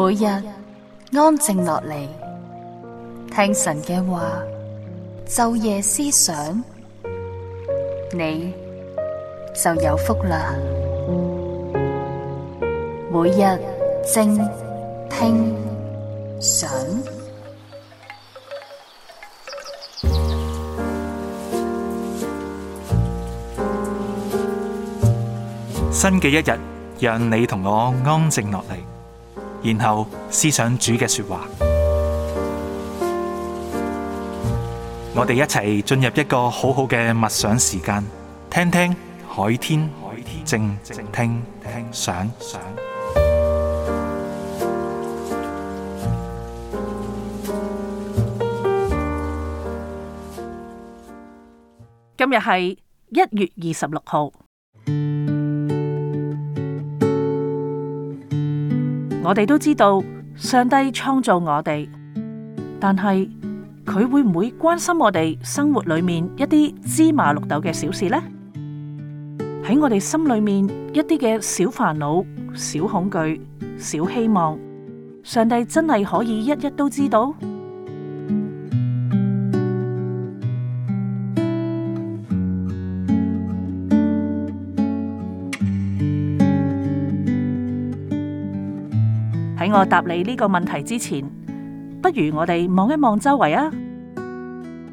每日安靜落嚟，聽神嘅話，晝夜思想，你就有福啦。每日靜聽想，新嘅一日，讓你同我安靜落嚟。然後思想主嘅說話，我哋一齊進入一個好好嘅默想時間，聽聽海天靜聽聽想。今日係一月二十六號。我哋都知道上帝創造我哋，但係佢會唔會關心我哋生活裏面一啲芝麻綠豆嘅小事呢？喺我哋心裏面一啲嘅小煩惱、小恐懼、小希望，上帝真係可以一一都知道。喺我答你呢個問題之前，不如我哋望一望周圍啊！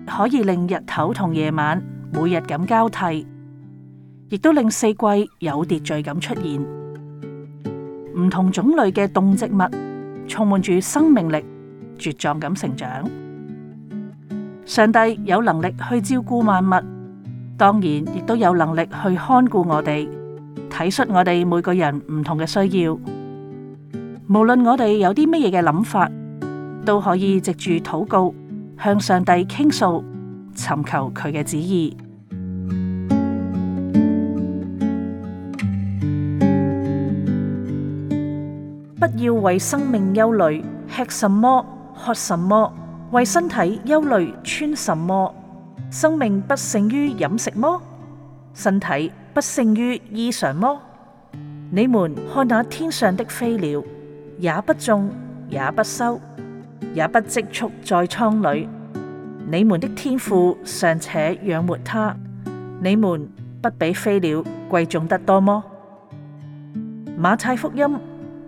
可以令日頭同夜晚每日咁交替，亦都令四季有秩序咁出現。唔同種類嘅動植物充滿住生命力，茁壯咁成長。上帝有能力去照顧萬物，當然亦都有能力去看顧我哋，體恤我哋每個人唔同嘅需要。無論我哋有啲乜嘢嘅諗法，都可以藉住禱告向上帝傾訴，尋求佢嘅旨意。 不要為生命憂慮，吃什麼，喝什麼；為身體憂慮，穿什麼。生命不勝於飲食麼？身體不勝於衣裳麼？你們看那天上的飛鳥。也不種，也不收，也不積蓄在倉裏。你們的天父尚且養活他，你們不比飛鳥貴重得多麼？馬太福音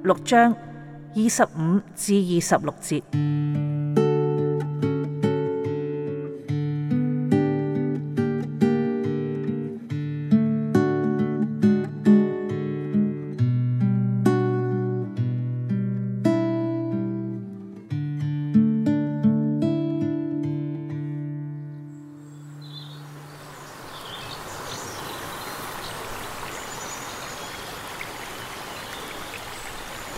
六章二十五至二十六節。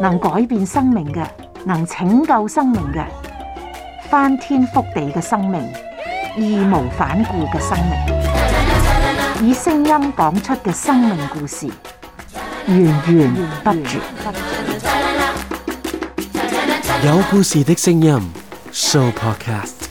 能改變生命嘅，能拯救生命嘅，翻天覆地嘅生命，義無反顧嘅生命，以聲音講出嘅生命故事，源源不絕。有故事的聲音，Show Podcast。